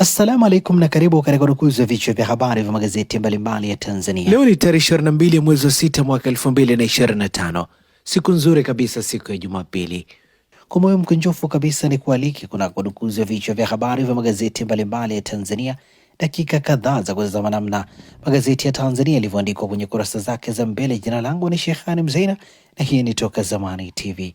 Assalamu alaikum na karibu katika udukuzi wa vichwa vya habari vya magazeti mbalimbali ya Tanzania. Leo ni tarehe 22 ya mwezi wa sita mwaka 2025. Siku nzuri kabisa, siku ya Jumapili. Kwa moyo mkunjofu kabisa ni kualiki kuna udukuzi wa vichwa vya habari vya magazeti mbalimbali ya Tanzania, dakika kadhaa za kutazama namna magazeti ya Tanzania yalivyoandikwa kwenye kurasa zake za mbele. Jina langu ni shehani Mzeina na hii ni Toka Zamani TV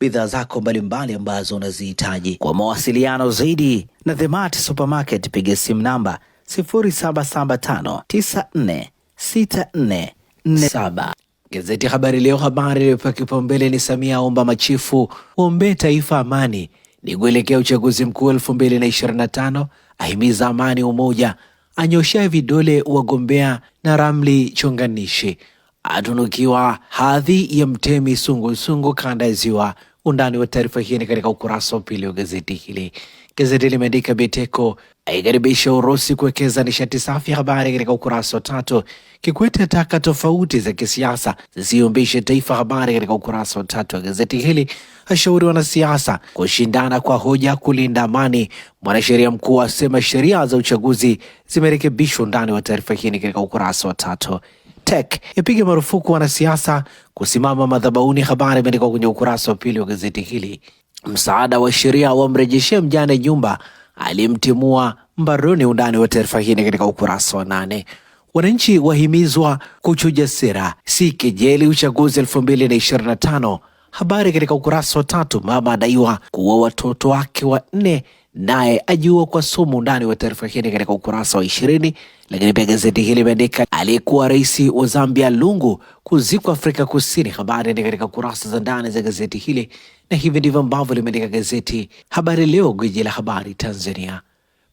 bidhaa zako mbalimbali ambazo unazihitaji. Kwa mawasiliano zaidi na The Mart Supermarket, piga simu namba 0775946447. Gazeti Habari Leo, habari iliyopewa kipaumbele ni Samia aomba machifu waombee taifa amani ni kuelekea uchaguzi mkuu tano ahimiza amani umoja, anyoshea vidole wagombea na Ramli chonganishi atunukiwa hadhi ya mtemi sungusungu kanda ya Ziwa. Undani wa taarifa hii ni katika ukurasa wa pili wa gazeti hili. Gazeti limeandika Biteko aikaribisha Urusi kuwekeza nishati safi, habari katika ukurasa wa tatu. Kikwete ataka tofauti za kisiasa zisiumbishe taifa, habari katika ukurasa wa tatu wa gazeti hili. Ashauri wanasiasa kushindana kwa hoja kulinda amani. Mwanasheria mkuu asema sheria za uchaguzi zimerekebishwa. Undani wa taarifa hii ni katika ukurasa wa tatu. TEC yapiga marufuku wanasiasa kusimama madhabauni Habari imeandikwa kwenye ukurasa wa pili wa gazeti hili. Msaada wa sheria wamrejeshee mjane nyumba alimtimua mbaroni. Undani wa taarifa hii ni katika ukurasa wa nane. Wananchi wahimizwa kuchuja sera, si kejeli uchaguzi tano. Habari katika ukurasa wa tatu. Mama adaiwa kuua watoto wake wanne naye ajua kwa sumu. Ndani wa taarifa hii katika ukurasa wa ishirini. Lakini pia gazeti hili limeandika aliyekuwa rais wa Zambia Lungu kuzikwa Afrika Kusini. Habari ni katika kurasa za ndani za gazeti hili, na hivi ndivyo ambavyo limeandika gazeti Habari Leo, gwiji la habari Tanzania,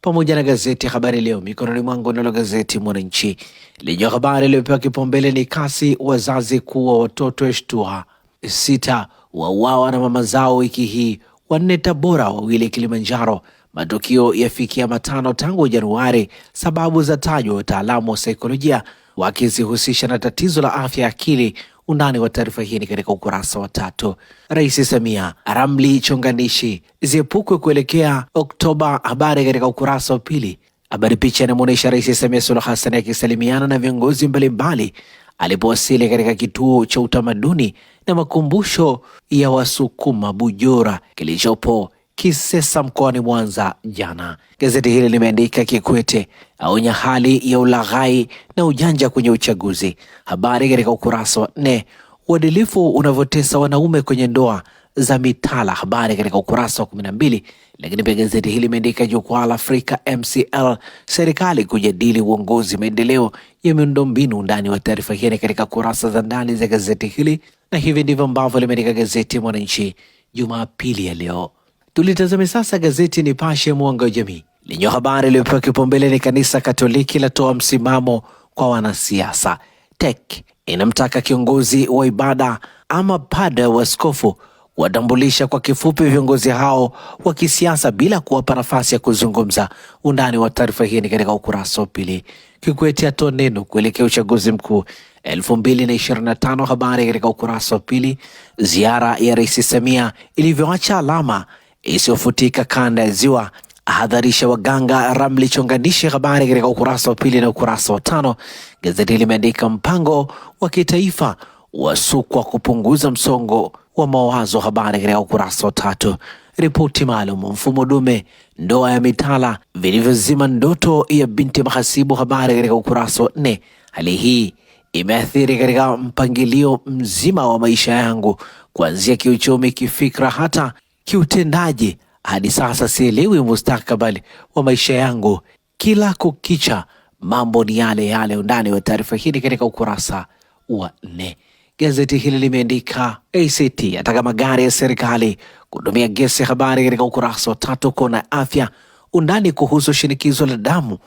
pamoja na gazeti Habari Leo mikononi mwangu. Nalo gazeti Mwananchi lenye habari iliyopewa kipaumbele ni kasi wazazi kuwa watoto eshtua, sita wauawa na mama zao wiki hii wanne Tabora, wawili Kilimanjaro. Matukio yafikia matano tangu Januari, sababu za tajwa wataalamu wa saikolojia wakizihusisha na tatizo la afya ya akili. Undani wa taarifa hii ni katika ukurasa wa tatu. Rais Samia, ramli chonganishi ziepukwe kuelekea Oktoba. Habari katika ukurasa wa pili. Habari picha inamwonyesha Rais Samia Suluhu Hassan akisalimiana na viongozi mbalimbali alipowasili katika kituo cha utamaduni na makumbusho ya Wasukuma Bujora kilichopo Kisesa mkoani Mwanza jana. Gazeti hili limeandika Kikwete aonya hali ya ulaghai na ujanja kwenye uchaguzi. Habari katika ukurasa wa nne. Uadilifu unavyotesa wanaume kwenye ndoa za mitala. Habari katika ukurasa wa kumi na mbili. Lakini pia gazeti hili limeandika jukwaa la Afrika MCL, serikali kujadili uongozi, maendeleo ya miundombinu. Undani wa taarifa hii katika kurasa za ndani za gazeti hili na hivi ndivyo ambavyo limeandika gazeti Mwananchi Jumapili ya leo. Tulitazame sasa gazeti Nipashe mwanga wa jamii lenye habari iliyopewa kipaumbele ni kanisa Katoliki latoa msimamo kwa wanasiasa. TEC inamtaka kiongozi wa ibada ama pada wa askofu watambulisha kwa kifupi viongozi hao wa kisiasa bila kuwapa nafasi ya kuzungumza. Undani wa taarifa hii ni katika ukurasa wa pili. Kikwete atoa neno kuelekea uchaguzi mkuu. 2025. Habari katika ukurasa wa pili. Ziara ya Rais Samia ilivyoacha alama isiyofutika kanda ya Ziwa, ahadharisha waganga ramli chonganishi. Habari katika ukurasa wa pili na ukurasa wa tano. Gazeti limeandika mpango wa kitaifa wasukwa kupunguza msongo wa mawazo. Habari katika ukurasa wa tatu. Ripoti maalum mfumo dume ndoa ya mitala vilivyozima ndoto ya binti mahasibu. Habari katika ukurasa wa nne. Hali hii imeathiri katika mpangilio mzima wa maisha yangu, kuanzia kiuchumi, kifikra, hata kiutendaji. Hadi sasa sielewi mustakabali wa maisha yangu. Kila kukicha mambo ni yale yale. Undani wa taarifa hii ni katika ukurasa wa nne. Gazeti hili limeandika ACT ataka magari ya serikali kutumia gesi habari katika ukurasa wa tatu. Kona afya undani kuhusu shinikizo la damu,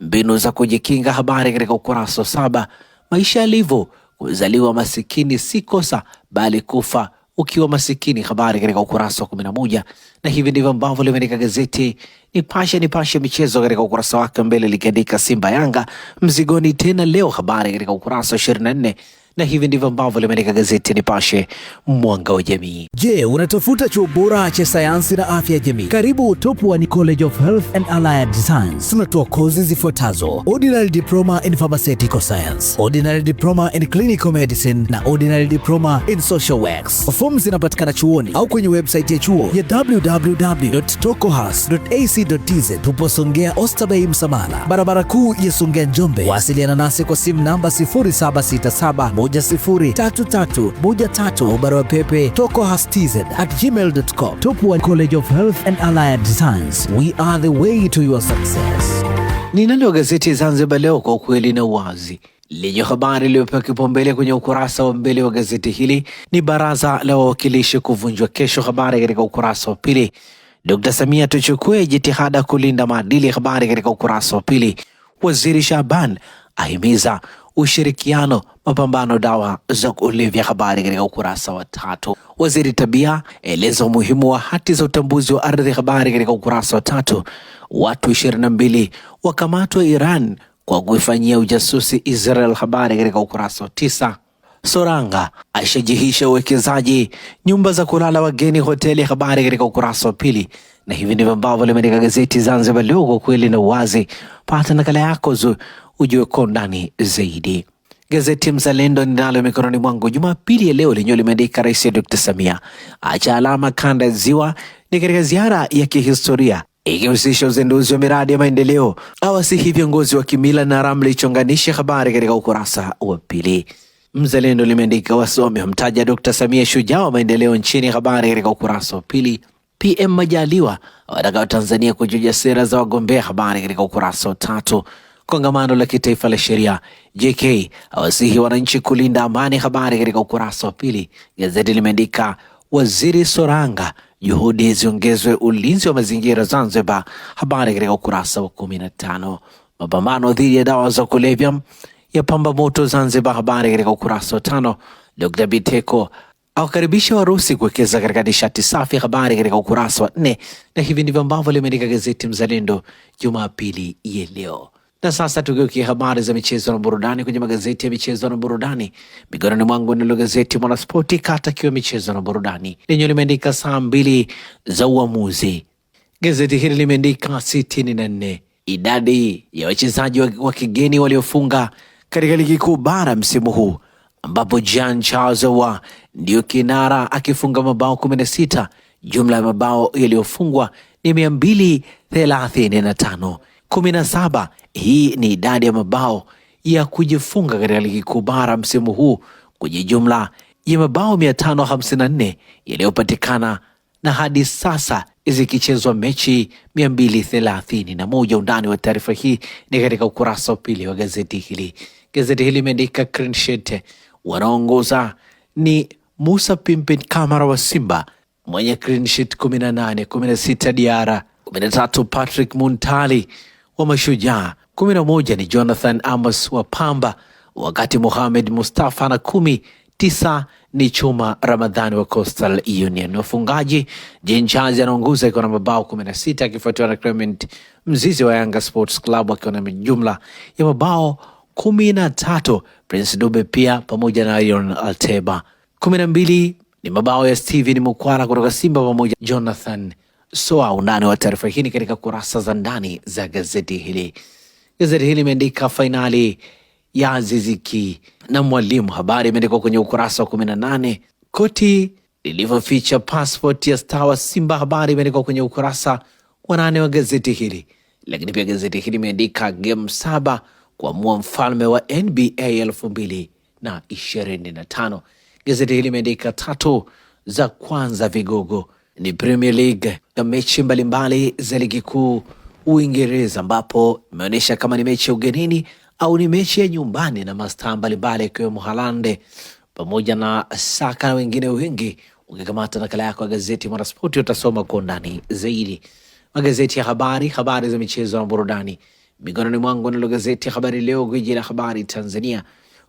mbinu za kujikinga, habari katika ukurasa wa saba maisha yalivyo. Kuzaliwa masikini si kosa, bali kufa ukiwa masikini. Habari katika ukurasa wa kumi na moja, na hivi ndivyo ambavyo limeandika gazeti Nipashe. Nipashe michezo katika ukurasa wake mbele likiandika Simba Yanga mzigoni tena leo, habari katika ukurasa wa ishirini na nne na hivi ndivyo ambavyo limeandika gazeti Nipashe mwanga wa jamii. Je, unatafuta chuo bora cha sayansi na afya ya jamii? Karibu Top One College of Health and Allied Science. Tunatoa kozi zifuatazo: Ordinary Diploma in Pharmaceutical Science, Ordinary Diploma in Clinical Medicine na Ordinary Diploma in Social Works. Fomu zinapatikana chuoni au kwenye website ya chuo ya www.tokohas.ac.tz. Tupo Songea Ostabei Msamala, barabara kuu ya Songea Njombe. Wasiliana nasi kwa simu namba 0767 13313 au barua pepe tokohastz@gmail.com. Top One College of Health and Allied Science. We are the way to your success. Ninalo gazeti Zanzibar Leo kwa ukweli na uwazi lenye habari iliyopewa kipaumbele kwenye ukurasa wa mbele wa gazeti hili ni baraza la wawakilishi kuvunjwa kesho. Habari katika ukurasa wa pili. Dr Samia, tuchukue jitihada kulinda maadili. Habari katika ukurasa wa pili. Waziri Shaban ahimiza ushirikiano mapambano dawa za kulevya. Habari katika ukurasa wa tatu. Waziri Tabia eleza umuhimu wa hati za utambuzi wa ardhi. Habari katika ukurasa wa tatu. Watu mbili wakamatwa Iran kwa kuifanyia ujasusi Israel. Habari katika ukurasa wa tisa. Soranga aishajihisha uwekezaji nyumba za kulala wageni hoteli. Habari katika ukurasa wa pili, na hivi ndivyo ambavyo limeandika gazeti Zanzibar Leo, kwa kweli na uwazi. Pata nakala yako ujue kwa undani zaidi. Gazeti Mzalendo ninalo mikononi mwangu Jumapili ya leo lenyewe limeandika Rais Dr. Samia acha alama kanda ya Ziwa, ni katika ziara ya kihistoria ikihusisha uzinduzi wa miradi ya maendeleo, awasihi viongozi wa kimila na ramli. ichonganishe. habari katika ukurasa wa pili. Mzalendo limeandika wasomi wamtaja Dr. Samia shujaa wa maendeleo nchini, habari katika ukurasa wa pili. PM Majaliwa awataka Watanzania kujuja sera za wagombea, habari katika ukurasa wa tatu kongamano la kitaifa la sheria. JK awasihi wananchi kulinda amani. Habari katika ukurasa wa pili. Gazeti limeandika Waziri Soranga, juhudi ziongezwe ulinzi wa mazingira Zanzibar. Habari katika ukurasa wa kumi na tano. Mapambano dhidi ya dawa za kulevya ya pamba moto Zanzibar. Habari katika ukurasa wa tano. Dr Biteko awakaribisha Warusi kuwekeza katika nishati safi. Habari katika ukurasa wa nne, na hivi ndivyo ambavyo limeandika gazeti Mzalendo Jumapili ya leo. Na sasa tukiukia habari za michezo na burudani kwenye magazeti ya michezo na burudani, mikononi mwangu nalo gazeti Mwanaspoti kiwa michezo na burudani lenyewe limeandika saa mbili za uamuzi. Gazeti hili limeandika sitini na nne idadi ya wachezaji wa kigeni waliofunga katika ligi kuu bara msimu huu ambapo Jean Charles wa ndiyo kinara akifunga mabao sita. Jumla ya mabao yaliyofungwa ni tano saba. Hii ni idadi ya mabao ya kujifunga katika ligi kuu bara msimu huu kwenye jumla ya mabao 554 yaliyopatikana na hadi sasa zikichezwa mechi 231. Undani wa taarifa hii ni katika ukurasa wa pili wa gazeti hili. Gazeti hili limeandika clean sheet, wanaongoza ni Musa Pimpin Kamara wa Simba mwenye clean sheet 18, 16 Diara, 13 Patrick Muntali wa mashujaa, kumi na moja ni Jonathan Amos wa Pamba, wakati Mohamed Mustafa na kumi tisa ni Chuma Ramadhani wa Coastal Union. Wafungaji Jinchazi anaongoza ikiwa na mabao kumi na sita akifuatiwa na Clement Mzizi wa Yanga Sports Club akiwa na jumla ya mabao kumi na tatu. Prince Dube pia pamoja na Ion Alteba. kumi na mbili ni mabao ya Steven Mukwara kutoka Simba pamoja Jonathan soa undani wa taarifa hii katika kurasa za ndani za gazeti hili. Gazeti hili imeandika fainali ya Ziziki na Mwalimu, habari imeandikwa kwenye ukurasa wa kumi na nane. Koti lilivyoficha passport ya star wa Simba, habari imeandikwa kwenye ukurasa wa nane wa gazeti hili. Lakini pia gazeti hili imeandika game saba kuamua mfalme wa NBA elfu mbili na ishirini na tano. Gazeti hili imeandika tatu za kwanza vigogo ni Premier League na mechi mbalimbali za ligi kuu Uingereza, ambapo imeonyesha kama ni mechi ya ugenini au ni mechi ya nyumbani, na mastaa mbalimbali akiwemo Haalandi pamoja na Saka na wengine wengi. Ukikamata nakala yako ya gazeti Mwanaspoti utasoma kwa undani zaidi magazeti ya habari, habari za michezo na burudani. Mikononi mwangu nalo gazeti ya Habari Leo, gwiji la habari Tanzania,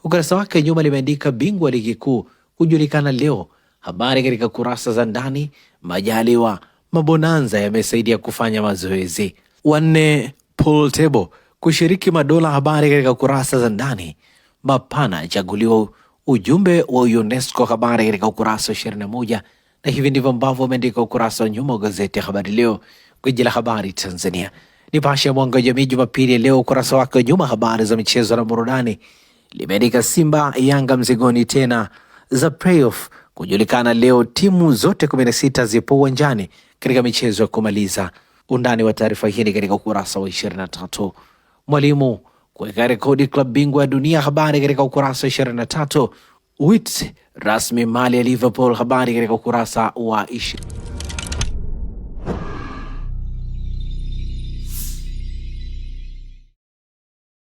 ukurasa wake nyuma limeandika bingwa ligi kuu kujulikana leo Habari katika kurasa za ndani. Majaliwa mabonanza yamesaidia kufanya mazoezi. Wanne, pool table kushiriki madola. Habari katika kurasa za ndani. Mapana achaguliwa ujumbe wa UNESCO. Habari katika ukurasa wa ishirini na moja na hivi ndivyo ambavyo wameandika ukurasa wa nyuma wa gazeti ya Habari Leo, gwiji la habari Tanzania. Nipashe ya Mwanga wa Jamii Jumapili leo ukurasa wake wa nyuma, habari za michezo na burudani, limeandika Simba Yanga mzigoni tena za playoff kujulikana leo timu zote 16 zipo uwanjani katika michezo ya kumaliza. Undani wa taarifa hii ni katika ukurasa wa 23. Mwalimu kuweka rekodi klabu bingwa ya dunia, habari katika ukurasa wa 23. wit rasmi mali ya Liverpool, habari katika ukurasa wa 20.